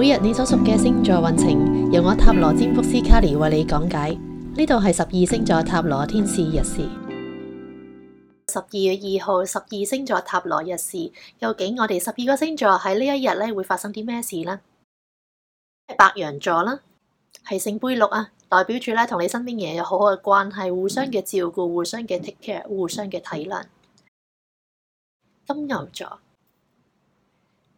每日你所屬嘅星座運程，由我塔羅占卜師卡里為你講解。呢度係十二星座塔羅天使日事。十二月二號，十二星座塔羅日事，究竟我哋十二個星座喺呢一日呢會發生啲咩事呢？係白羊座啦，係聖杯六啊，代表住呢同你身邊嘅人有好好嘅關係，互相嘅照顧，互相嘅 take care，互相嘅體諒。金牛座，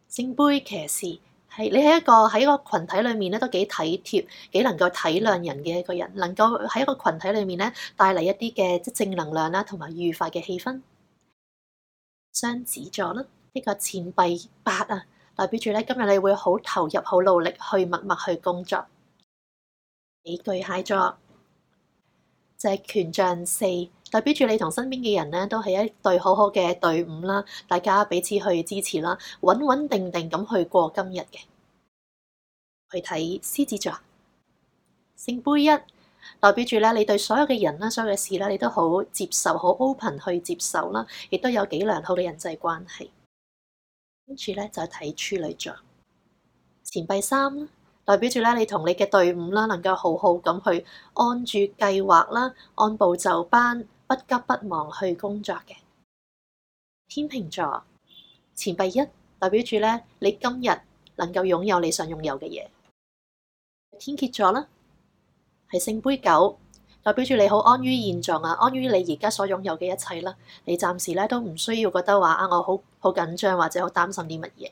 聖杯騎士。係你喺一個喺一個群體裏面都幾體貼，幾能夠體諒人嘅一個人，能夠喺一個群體裏面咧帶嚟一啲嘅正能量啦，同埋愉快嘅氣氛。雙子座啦，呢個錢幣八啊，代表住今日你會好投入、好努力去默默去工作。巨蟹座就係權杖四。代表住你同身邊嘅人咧，都係一隊好好嘅隊伍啦。大家彼此去支持啦，穩穩定定咁去過今日嘅。去睇獅子座，聖杯一代表住咧，你對所有嘅人啦、所有嘅事啦，你都好接受、好 open 去接受啦，亦都有幾良好嘅人際關係。跟住咧就睇處女座，錢幣三代表住咧，你同你嘅隊伍啦，能夠好好咁去按住計劃啦，按部就班，不急不忙去工作嘅天秤座錢幣一，代表住咧，你今日能夠擁有你想擁有嘅嘢。天蠍座啦，係聖杯九，代表住你好安於現狀啊，安於你而家所擁有嘅一切啦。你暫時咧都唔需要覺得話啊，我好好緊張或者好擔心啲乜嘢。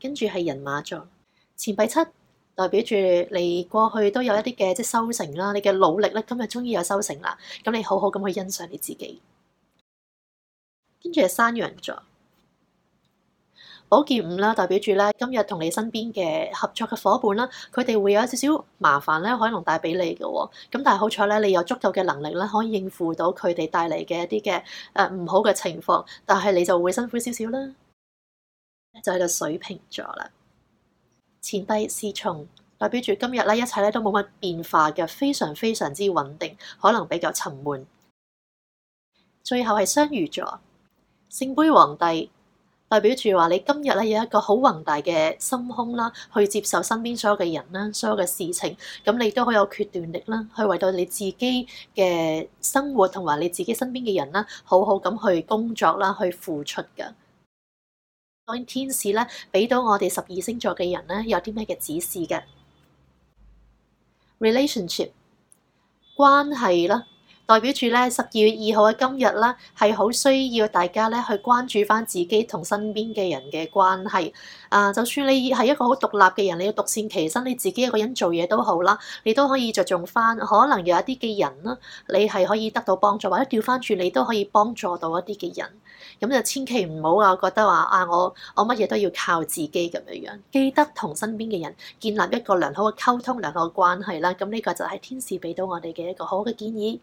跟住係人馬座錢幣七。代表住你過去都有一啲嘅即係收成啦，你嘅努力咧今日終於有收成啦，咁你好好咁去欣賞你自己。跟住係山羊座，寶劍五啦，代表住咧今日同你身邊嘅合作嘅伙伴啦，佢哋會有一少少麻煩咧，可能帶俾你嘅喎。咁但係好彩咧，你有足夠嘅能力咧，可以應付到佢哋帶嚟嘅一啲嘅誒唔好嘅情況，但係你就會辛苦少少啦，就係個水瓶座啦。前帝侍從，代表住今日咧，一切咧都冇乜變化嘅，非常非常之穩定，可能比較沉悶。最後係雙魚座，聖杯皇帝，代表住話你今日咧有一個好宏大嘅心胸啦，去接受身邊所有嘅人啦，所有嘅事情，咁你都好有決斷力啦，去為到你自己嘅生活同埋你自己身邊嘅人啦，好好咁去工作啦，去付出㗎。當天使呢俾到我哋十二星座嘅人呢有啲咩嘅指示嘅？Relationship 關係啦。代表住咧十二月二號嘅今日啦，係好需要大家咧去關注翻自己同身邊嘅人嘅關係啊。就算你係一個好獨立嘅人，你要獨善其身，你自己一個人做嘢都好啦，你都可以着重翻。可能有一啲嘅人啦，你係可以得到幫助，或者調翻轉你都可以幫助到一啲嘅人。咁就千祈唔好啊，覺得話啊，我我乜嘢都要靠自己咁樣樣。記得同身邊嘅人建立一個良好嘅溝通、良好嘅關係啦。咁呢個就係天使俾到我哋嘅一個好嘅建議。